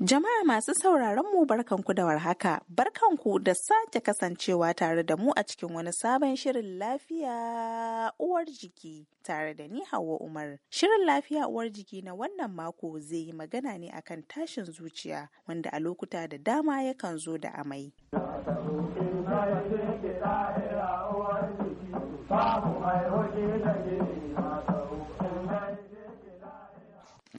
Jama'a masu sauraron mu barkanku da warhaka, barkanku da sake kasancewa tare da mu a cikin wani sabon shirin lafiya uwar jiki tare da ni Hauwa Umar. Shirin lafiya uwar jiki na wannan mako zai yi magana ne akan tashin zuciya wanda a lokuta da dama yakan zo da amai. Thank you.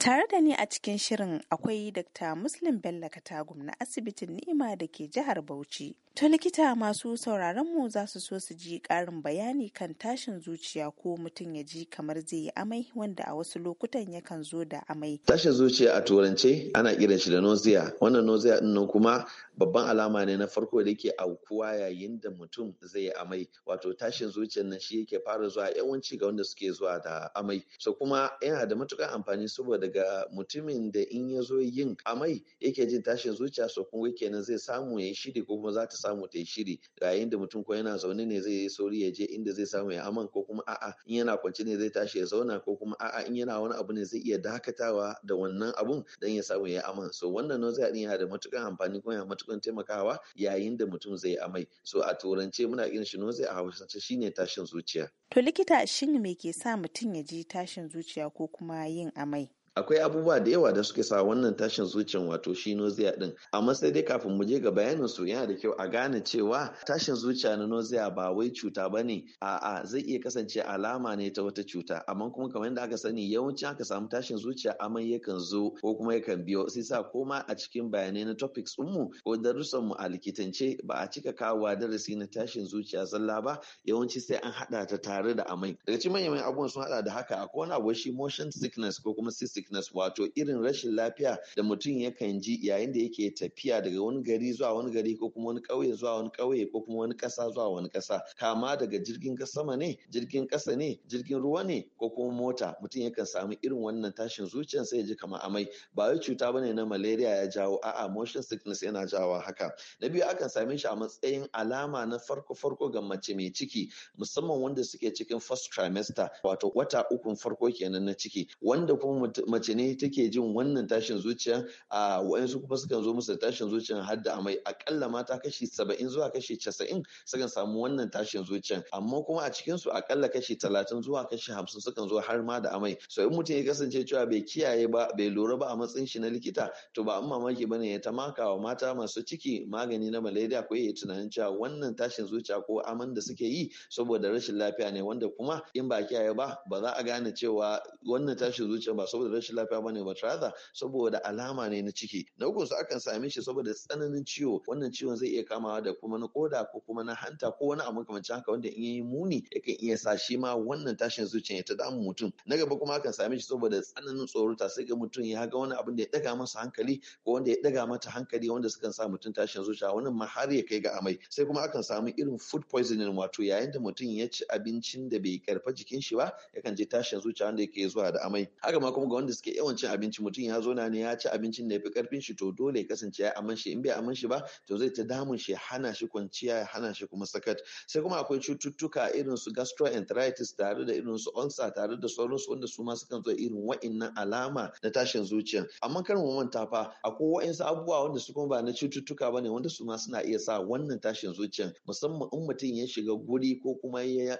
Tare da ni a cikin shirin akwai Dr. Muslim Bello Katagum na asibitin Ni'ima da ke jihar Bauchi. To likita masu sauraron mu za su so su ji ƙarin bayani kan tashin zuciya ko mutum ya ji kamar zai yi amai wanda a wasu lokutan yakan zo da amai. Tashin zuciya a turance ana kiran shi da nausea. Wannan nausea din nan kuma babban alama ne na farko da yake aukuwa yayin da mutum zai yi amai. Wato tashin zuciyar nan shi yake fara zuwa yawanci ga wanda suke zuwa da amai. So kuma yana da matukar amfani saboda daga mutumin da in ya zo yin amai yake jin tashin zuciya so kuma kenan zai samu ya shiri ko kuma za ta samu ta yi shiri ga da mutum ko yana zaune ne zai yi sauri ya je inda zai samu ya aman ko kuma a'a in yana kwance ne zai tashi ya zauna ko kuma a'a in yana wani abu ne zai iya dakatawa da wannan abun dan ya samu ya aman so wannan na zai iya da matukan amfani kuma yana matukan taimakawa yayin da mutum zai amai so a turance muna kiran shi zai a hausance shine tashin zuciya to likita shin me ke sa mutum ya ji tashin zuciya ko kuma yin amai akwai abubuwa da yawa da suke sa wannan tashin zuciyan wato shi noziya din amma sai dai kafin mu je ga bayanin su yana da kyau a gane cewa tashin zuciya na noziya ba wai cuta bane a'a zai iya kasance alama ne ta wata cuta amma kuma kamar yadda aka sani yawanci aka samu tashin zuciya amman yakan zo ko kuma yakan biyo sai sa koma a cikin bayanai na topics mu ko darussan mu a likitance ba a cika kawowa darasi na tashin zuciya zalla ba yawanci sai an hada ta tare da amai daga cikin manyan abubuwan sun hada da haka akwai wani abu shi motion sickness ko kuma sickness sickness wato irin rashin lafiya da mutum yakan ji yayin da yake tafiya daga wani gari zuwa wani gari ko kuma wani ƙauye zuwa wani ƙauye ko kuma wani ƙasa zuwa wani ƙasa kama daga jirgin sama ne jirgin ƙasa ne jirgin ruwa ne ko kuma mota mutum yakan samu irin wannan tashin zuciyar sai ya ji kamar amai ba wai cuta bane na malaria ya jawo a'a motion sickness yana jawo haka na biyu akan same shi a matsayin alama na farko farko ga mace mai ciki musamman wanda suke cikin first trimester wato wata ukun farko kenan na ciki wanda kuma mace ne take jin wannan tashin zuciya a wa'ansu kuma sukan zo musu da tashin zuciya har da amai akalla mata kashi saba'in zuwa kashi casa'in sukan samu wannan tashin zuciya amma kuma a cikin su akalla kashi talatin zuwa kashi hamsin sukan zo har ma da amai so in mutum ya kasance cewa bai kiyaye ba bai lura ba a matsayin shi na likita to ba an mamaki bane ya tamaka wa mata masu ciki magani na malaria ko ya tunanin cewa wannan tashin zuciya ko aman da suke yi saboda rashin lafiya ne wanda kuma in ba kiyaye ba ba za a gane cewa wannan tashin zuciya ba saboda rashin lafiya bane but rather saboda alama ne na ciki na ukun su akan same shi saboda tsananin ciwo wannan ciwon zai iya kamawa da kuma na koda ko kuma na hanta ko wani abu kamar haka wanda in yayi muni yakan iya sa shi ma wannan tashin zuciya ya ta damu mutum na gaba kuma akan same shi saboda tsananin ta sai ga mutum ya ga wani abin da ya daga masa hankali ko wanda ya daga mata hankali wanda sukan sa mutum tashin zuciya wannan ma har ya kai ga amai sai kuma akan samu irin food poisoning wato yayin da mutum ya ci abincin da bai karfa jikin shi ba yakan je tashin zuciya wanda yake zuwa da amai haka ma kuma ga wanda wanda suke yawan cin abinci mutum ya zo na ne ya ci abincin da ya fi karfin shi to dole ya kasance ya aman shi in bai aman shi ba to zai ta damun shi hana shi kwanciya ya hana shi kuma sakat sai kuma akwai cututtuka irin su gastroenteritis tare da irin su ulcer tare da sauransu wanda su ma sukan zo irin wa'innan alama na tashin zuciya amma kar mu manta fa akwai wa'insu abubuwa wanda su kuma ba na cututtuka bane wanda su ma suna iya sa wannan tashin zuciya musamman in mutum ya shiga guri ko kuma ya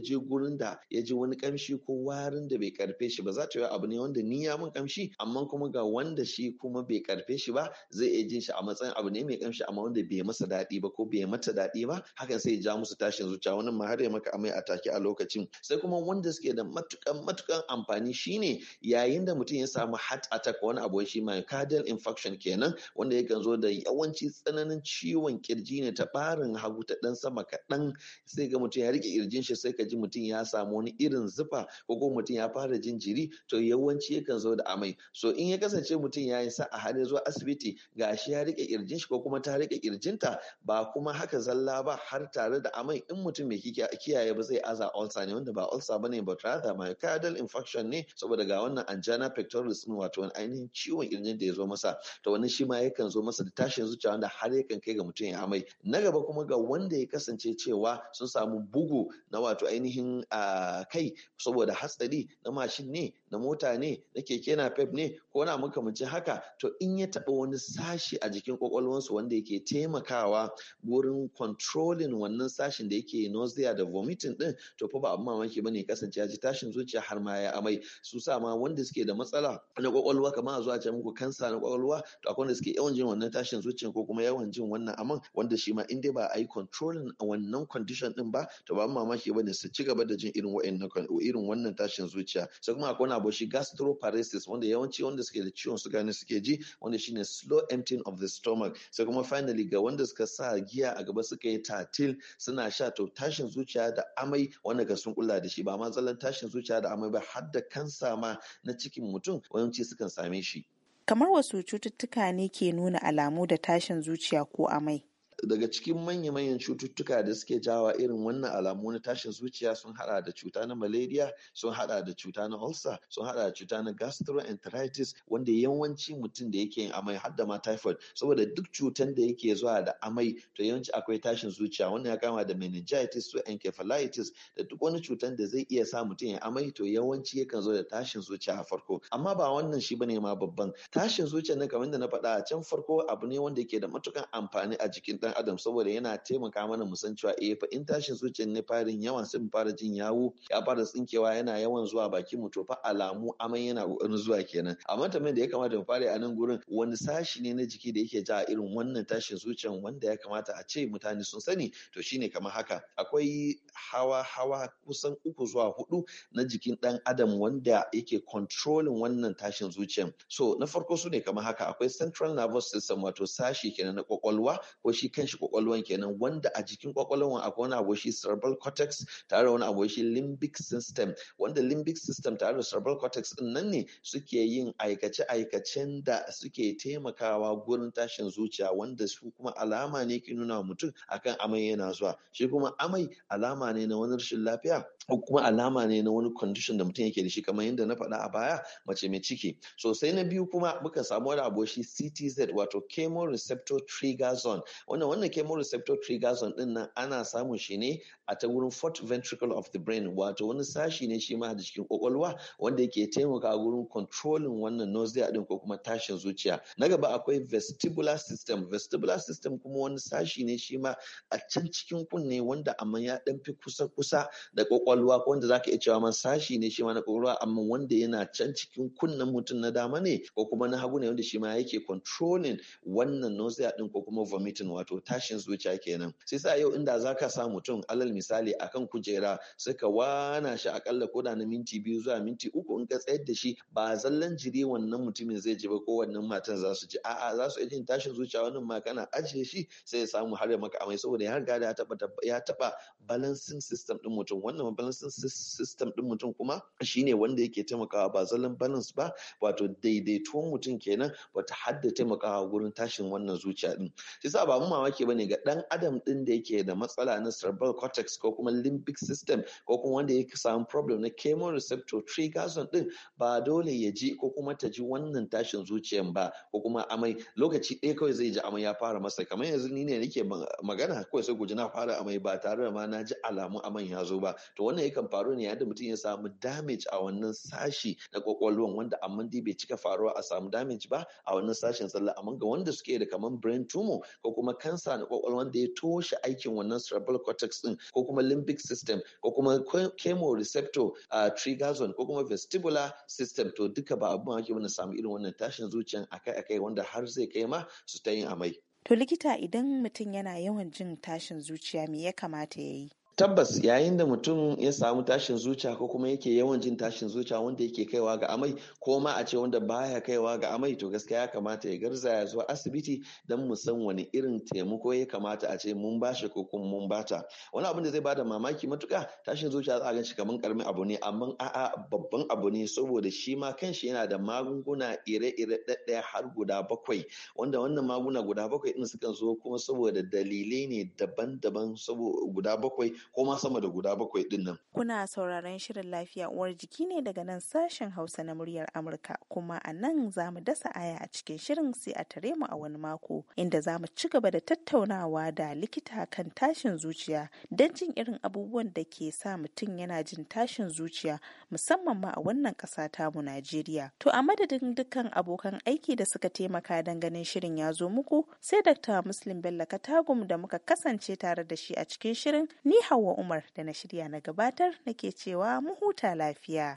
je gurin da ya ji wani kamshi ko warin da bai karfe shi ba za ta yi abu ne wanda ni ya mun kamshi amma kuma ga wanda shi kuma bai karfe shi ba zai iya jin shi a matsayin abu ne mai kamshi amma wanda bai masa daɗi ba ko bai mata daɗi ba hakan sai ya ja musu tashin zuciya wani ma har ya maka amai a take a lokacin sai kuma wanda suke da matukan matukan amfani shine yayin da mutum ya samu heart attack wani abu shi myocardial infarction kenan wanda yakan zo da yawanci tsananin ciwon kirji ne ta barin hagu ta dan sama kaɗan sai ga mutum ya rike kirjin shi sai ka ji mutum ya samu wani irin zufa ko kuma mutum ya fara jin jiri to yawanci yakan zo da amai so in ya kasance mutum ya yi sa'a har ya zo asibiti gashi ya rike kirjin shi ko kuma ta rike kirjinta ba kuma haka zalla ba har tare da amai in mutum mai kiyaye ba zai aza ulcer ne wanda ba ulcer bane but rather myocardial infarction ne saboda ga wannan angina pectoris din wato wani ainihin ciwon kirjin da ya zo masa to wannan shi ma yakan zo masa da tashin zuciya wanda har yakan kai ga mutum ya amai na gaba kuma ga wanda ya kasance cewa sun samu bugu na wato ainihin ah, kai saboda hatsari na mashin ne na mota ne na keke na pep ne ko na makamancin haka to in ya taɓa wani sashi a jikin kwakwalwansu wanda yake taimakawa wurin controlling wannan sashin da yake nausea da vomiting din to fa ba abin mamaki bane kasance ya ji tashin zuciya har ma ya amai su sa ma wanda suke da matsala na kwakwalwa kamar zuwa ce muku kansa na kwakwalwa to akwai wanda suke yawan jin wannan tashin zuciya ko kuma yawan jin wannan amma, wanda shi ma in dai ba a yi controlling wannan condition din ba to ba mamaki bane su ci gaba da jin irin wa'annan irin wannan tashin zuciya sai kuma akwai abu shi gastroparesis wanda yawanci wanda suke da ciwon suga ne suke ji wanda shine slow emptying of the stomach sai kuma finally ga wanda suka sa giya a gaba suka yi tatil suna sha to tashin zuciya da amai wanda ga sun kula da shi ba ma zallan tashin zuciya da amai ba har da kansa ma na cikin mutum yawanci sukan same shi kamar wasu cututtuka ne ke nuna alamu da tashin zuciya ko amai daga cikin manya-manyan cututtuka da suke jawa irin wannan alamu na tashin zuciya sun hada da cuta na malaria sun hada da cuta na ulcer sun hada da cuta na gastroenteritis wanda yawanci mutum da yake yin amai har da ma typhoid saboda duk cutan da yake zuwa da amai to yawanci akwai tashin zuciya wannan ya kama da meningitis su encephalitis da duk wani cutan da zai iya sa mutum ya amai to yawanci yakan zo da tashin zuciya a farko amma ba wannan shi bane ma babban tashin zuciya na kamar da na faɗa a can farko abu ne wanda yake da matukan amfani a jikin ɗan dan adam saboda yana taimaka mana mu san cewa eh fa in tashin zuciyar ne farin yawan sai mu fara jin yawo ya fara tsinkewa yana yawan zuwa baki mu to fa alamu aman yana kokarin zuwa kenan amma tambayar da ya kamata mu fara a nan gurin wani sashi ne na jiki da yake ja irin wannan tashin zuciyar wanda ya kamata a ce mutane sun sani to shine kamar haka akwai hawa hawa kusan uku zuwa hudu na jikin dan adam wanda yake controlling wannan tashin zuciyar so na farko su ne kamar haka akwai central nervous system wato sashi kenan na kwakwalwa ko shi kan shi kwakwalwan kenan wanda a jikin kwakwalwan akwai wani abu shi cerebral cortex tare da wani abu shi limbic system wanda limbic system tare da cerebral cortex din nan ne suke yin aikace-aikacen da suke taimakawa gurin tashin zuciya wanda su kuma alama ne ke nuna mutum akan amai yana zuwa shi kuma amai alama ne na wani rashin lafiya ko kuma alama ne na wani condition da mutum yake da shi kamar yadda na faɗa a baya mace mai ciki so sai na biyu kuma muka samu wani abu shi CTZ wato chemoreceptor trigger zone wannan wannan chemoreceptor trigerzone din nan ana samun shi ne a ta wurin fourth ventricle of the brain wato wani sashi ne shi ma da cikin kwakwalwa wanda yake taimaka wurin controlling wannan nausea din ko kuma tashin zuciya na gaba akwai vestibular system vestibular system kuma wani sashi ne shi ma a can cikin kunne wanda amma ya dan fi kusa kusa da kwakwalwa wanda zaka iya cewa ma sashi ne shi ma na kwakwalwa amma wanda yana can cikin kunnen mutum na dama ne ko kuma na hagu ne wanda shi ma yake controlling wannan nausea din ko kuma vomiting wato tashin zuciya kenan sai sa yau inda zaka sa mutum alal misali akan kujera suka wana shi akalla da na minti biyu zuwa minti uku in ka tsayar da shi ba zallan jiri wannan mutumin zai ji ba ko wannan matan za su ji a'a za su jin tashin zuciya wannan ma kana ajiye shi sai ya samu har ya maka amai saboda ya riga ya taba ya taba balancing system din mutum wannan balancing system din mutum kuma shine wanda yake taimakawa ba zallan balance ba wato daidaituwan mutum kenan wata hadda taimakawa gurin tashin wannan zuciya din shi sa ba mu mamaki bane ga dan adam din da yake da matsala na cerebral cortex ko kuma limbic system ko kuma wanda ya samu problem na chemoreceptor trigason din ba dole ya ji ko kuma ta ji wannan tashin zuciyan ba ko kuma amai lokaci ɗaya kawai zai ji amai ya fara masa kamar yanzu ni ne nake magana kawai sai guji na fara amai ba tare da ma na ji alamu amai ya zo ba to wannan yakan faru ne yadda mutum ya samu damage a wannan sashi na kwakwalwan wanda amma dai bai cika faruwa a samu damage ba a wannan sashin sallah amma ga wanda suke da kamar brain tumor ko kuma kansa na kwakwalwa wanda ya toshe aikin wannan cerebral cortex din ko kuma limbic system ko kuma chemoreceptor uh, trigger zone ko kuma vestibular system to duka ba abin ake mana samu irin wannan tashin zuciyan akai-akai wanda har zai kai ma su ta yin amai. To likita idan mutum yana yawan jin tashin zuciya me ya kamata ya yi? tabbas yayin da mutum ya samu tashin zuciya ko kuma yake yawan jin tashin zuciya wanda yake kaiwa ga amai ko ma a ce wanda baya kaiwa ga amai to gaskiya ya kamata ya garza ya zuwa asibiti don mu san wani irin taimako ya kamata a ce mun bashi ko kuma mun bata wani abin da zai bada mamaki matuka tashin zuciya za a gan shi kamar karamin abu ne amma a'a babban abu ne saboda shi ma kanshi yana da magunguna ire-ire ɗaya har guda bakwai wanda wannan magunguna guda bakwai din sukan zo kuma saboda dalilai ne daban-daban saboda guda bakwai ko ma sama da guda bakwai din nan. Kuna sauraron shirin lafiya uwar jiki ne daga nan sashen Hausa na muryar Amurka kuma a nan za mu dasa aya a cikin shirin sai a tare mu a wani mako inda za mu ci gaba da tattaunawa da likita kan tashin zuciya don jin irin abubuwan da ke sa mutum yana jin tashin zuciya musamman ma a wannan ƙasa mu Najeriya. To a madadin dukkan abokan aiki da suka taimaka don ganin shirin ya zo muku sai Dr. Muslim Bello Katagum da muka kasance tare da shi a cikin shirin ni Hauwa Umar da na shirya na gabatar nake cewa mu huta lafiya.